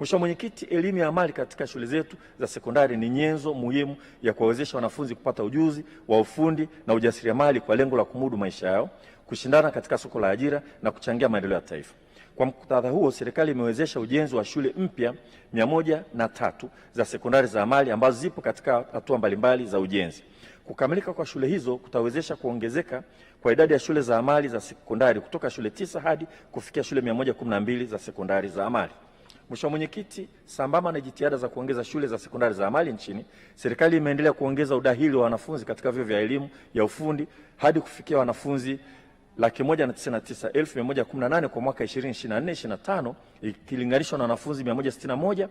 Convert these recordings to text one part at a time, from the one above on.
Mheshimiwa Mwenyekiti, elimu ya amali katika shule zetu za sekondari ni nyenzo muhimu ya kuwawezesha wanafunzi kupata ujuzi wa ufundi na ujasiriamali kwa lengo la kumudu maisha yao, kushindana katika soko la ajira na kuchangia maendeleo ya taifa. Kwa muktadha huo, serikali imewezesha ujenzi wa shule mpya mia moja na tatu za sekondari za amali ambazo zipo katika hatua mbalimbali za ujenzi. Kukamilika kwa shule hizo kutawezesha kuongezeka kwa idadi ya shule za amali za sekondari kutoka shule tisa hadi kufikia shule mia moja kumi na mbili za sekondari za amali. Mheshimiwa Mwenyekiti, sambamba na jitihada za kuongeza shule za sekondari za amali nchini, serikali imeendelea kuongeza udahili wa wanafunzi katika vyuo vya elimu ya ufundi hadi kufikia wanafunzi laki moja na tisini na tisa elfu mia moja kumi na nane kwa mwaka 2024/25 ikilinganishwa na wanafunzi 161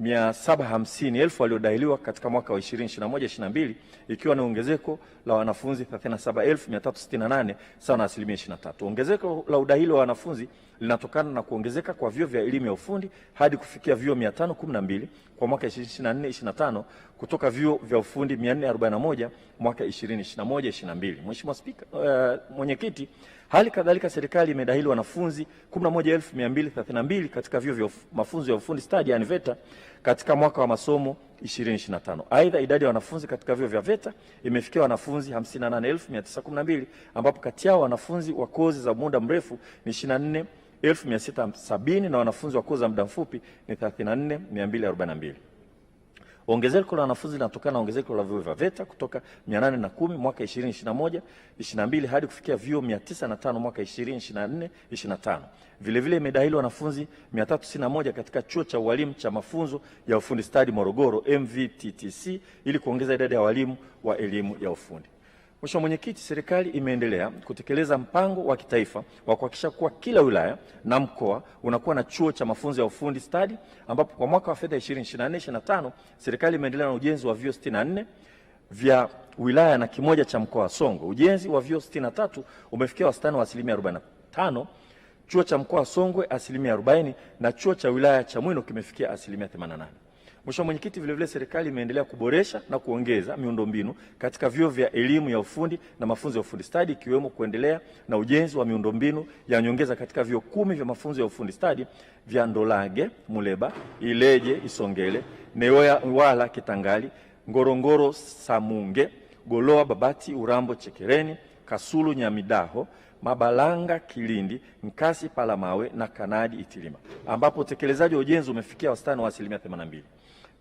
750,000 waliodahiliwa katika mwaka wa 2021 2022 ikiwa ni ongezeko la wanafunzi 37,368 sawa na asilimia 23. Ongezeko la udahili wa wanafunzi linatokana na kuongezeka kwa vyuo vya elimu ya ufundi hadi kufikia vyuo 512 kwa mwaka 2024 25 kutoka vyuo vya ufundi 441 mwaka 2021 2022. Mheshimiwa Spika, uh, eh, mwenyekiti, hali kadhalika serikali imedahili wanafunzi 11232 katika vyuo vya mafunzo ya ufundi stadi yani VETA katika mwaka wa masomo 2025. Aidha, idadi ya wanafunzi katika vyuo vya VETA imefikia wanafunzi 58912 ambapo kati yao wanafunzi wa kozi za muda mrefu ni 24 1670 na wanafunzi wa kozi za muda mfupi ni 34242. Ongezeko la wanafunzi linatokana na ongezeko la vyuo vya VETA kutoka 810 mwaka 2021 22 hadi kufikia vyuo 905 mwaka 2024 25. Vile vile imedahili wanafunzi 361 katika chuo cha walimu cha mafunzo ya ufundi stadi Morogoro MVTTC ili kuongeza idadi ya walimu wa elimu ya ufundi. Mheshimiwa Mwenyekiti, serikali imeendelea kutekeleza mpango wa kitaifa wa kuhakikisha kuwa kila wilaya na mkoa unakuwa na chuo cha mafunzo ya ufundi stadi, ambapo kwa mwaka wa fedha 2024/2025 serikali imeendelea na ujenzi wa vyuo 64 vya wilaya na kimoja cha mkoa wa Songwe. Ujenzi wa vyuo 63 umefikia wastani wa asilimia 45, chuo cha mkoa wa Songwe asilimia 40 na chuo cha wilaya cha Mwino kimefikia asilimia 88. Mheshimiwa Mwenyekiti, vilevile serikali imeendelea kuboresha na kuongeza miundombinu katika vyuo vya elimu ya ufundi na mafunzo ya ufundi stadi ikiwemo kuendelea na ujenzi wa miundombinu ya nyongeza katika vyuo kumi vya mafunzo ya ufundi stadi vya Ndolage, Muleba, Ileje, Isongele, Neoya, Wala, Kitangali, Ngorongoro, Samunge, Goloa, Babati, Urambo, Chekereni, Kasulu, Nyamidaho, Mabalanga, Kilindi, Nkasi, Palamawe na Kanadi, Itilima ambapo utekelezaji wa ujenzi umefikia wastani wa asilimia 82.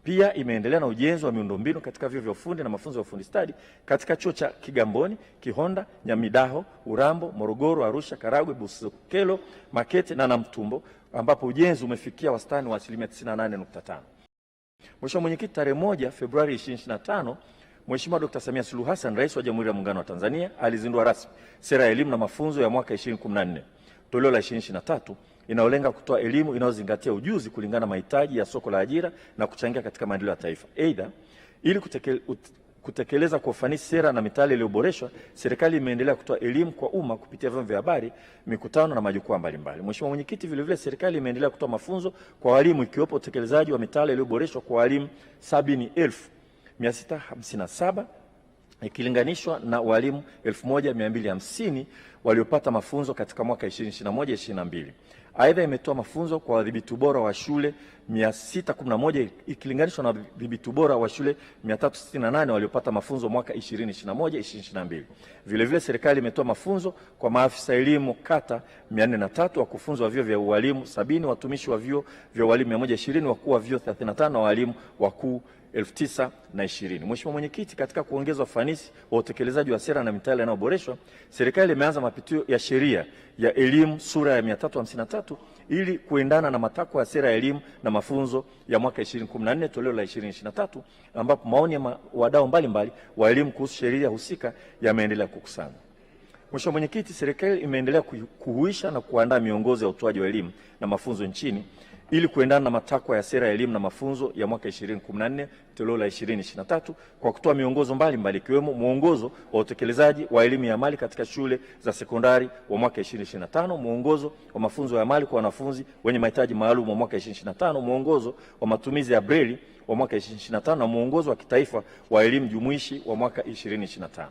Pia imeendelea na ujenzi wa miundombinu katika vyuo vya ufundi na mafunzo ya ufundi stadi katika chuo cha Kigamboni, Kihonda, Nyamidaho, Urambo, Morogoro, Arusha, Karagwe, Busokelo, Makete na Namtumbo ambapo ujenzi umefikia wastani wa asilimia 98.5. Mheshimiwa Mwenyekiti, tarehe moja Februari 2025 Mheshimiwa Dr. Samia Suluhu Hassan, Rais wa Jamhuri ya Muungano wa Tanzania, alizindua rasmi sera ya elimu na mafunzo ya mwaka 2014 toleo la 2023 inayolenga kutoa elimu inayozingatia ujuzi kulingana na mahitaji ya soko la ajira na kuchangia katika maendeleo ya taifa. Aidha, ili kutekele, ut, kutekeleza kwa ufanisi sera na mitaala iliyoboreshwa, serikali imeendelea kutoa elimu kwa umma kupitia vyombo vya habari, mikutano na majukwaa mbalimbali. Mheshimiwa Mwenyekiti, vilevile serikali imeendelea kutoa mafunzo kwa walimu ikiwepo utekelezaji wa mitaala iliyoboreshwa kwa walimu sabini elfu ikilinganishwa na walimu 1250 waliopata mafunzo katika mwaka 2021-2022. Aidha, imetoa mafunzo kwa wadhibiti bora wa shule 611 ikilinganishwa na wadhibiti bora wa shule 368 waliopata mafunzo mwaka 2021-2022. Vilevile, serikali imetoa mafunzo kwa maafisa elimu kata 403, wakufunzi wa vyuo vya ualimu 70, watumishi wa vyuo vya ualimu 120, wakuu wa vyuo 35 na walimu wakuu 2020. Mheshimiwa Mwenyekiti, katika kuongeza ufanisi wa utekelezaji wa sera na mitaala inayoboreshwa, serikali imeanza mapitio ya sheria ya elimu sura ya 353 ili kuendana na matakwa ya sera ya elimu na mafunzo ya mwaka 2014 toleo la 2023, ambapo maoni ya wadau mbalimbali wa elimu kuhusu sheria husika yameendelea kukusanywa. Mheshimiwa Mwenyekiti, serikali imeendelea kuhuisha na kuandaa miongozo ya utoaji wa elimu na mafunzo nchini ili kuendana na matakwa ya sera ya elimu na mafunzo ya mwaka 2014 toleo la 2023 kwa kutoa miongozo mbalimbali ikiwemo mwongozo wa utekelezaji wa elimu ya mali katika shule za sekondari wa mwaka 2025, mwongozo wa mafunzo ya mali kwa wanafunzi wenye mahitaji maalum wa mwaka 2025, mwongozo wa matumizi ya breli wa mwaka 2025 na mwongozo wa kitaifa wa elimu jumuishi wa mwaka 2025.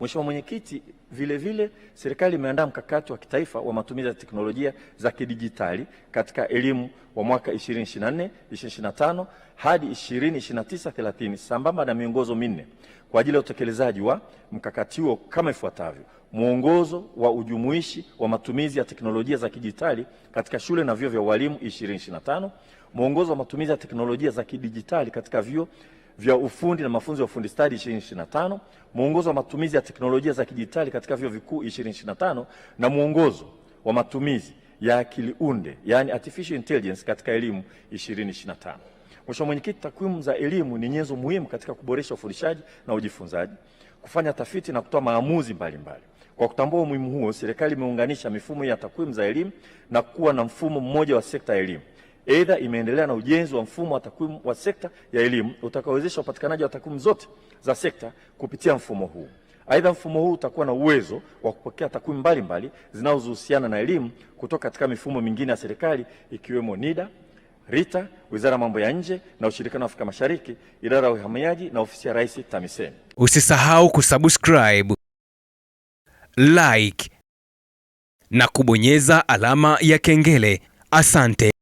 Mheshimiwa Mwenyekiti, vilevile serikali imeandaa mkakati wa kitaifa wa matumizi ya teknolojia za kidijitali katika elimu wa mwaka 2024 2025 hadi 2029 30 sambamba na miongozo minne kwa ajili ya utekelezaji wa mkakati huo kama ifuatavyo: mwongozo wa ujumuishi wa matumizi ya teknolojia za kidijitali katika shule na vyuo vya ualimu 2025, mwongozo wa matumizi ya teknolojia za kidijitali katika vyuo vya ufundi na mafunzo ya ufundi stadi 2025, mwongozo wa matumizi ya teknolojia za kidijitali katika vyuo vikuu 2025 na mwongozo wa matumizi ya akili unde yani artificial intelligence katika elimu 2025. Mheshimiwa Mwenyekiti, takwimu za elimu ni nyenzo muhimu katika kuboresha ufundishaji na ujifunzaji, kufanya tafiti na kutoa maamuzi mbalimbali mbali. Kwa kutambua umuhimu huo, serikali imeunganisha mifumo ya takwimu za elimu na kuwa na mfumo mmoja wa sekta ya elimu. Aidha, imeendelea na ujenzi wa mfumo wa takwimu wa sekta ya elimu utakaowezesha upatikanaji wa takwimu zote za sekta kupitia mfumo huu. Aidha, mfumo huu utakuwa na uwezo wa kupokea takwimu mbalimbali zinazohusiana na elimu kutoka katika mifumo mingine ya serikali ikiwemo NIDA, RITA, Wizara ya Mambo ya Nje na Ushirikiano wa Afrika Mashariki, Idara ya Uhamiaji na Ofisi ya Rais TAMISEMI. Usisahau kusubscribe, like na kubonyeza alama ya kengele. Asante.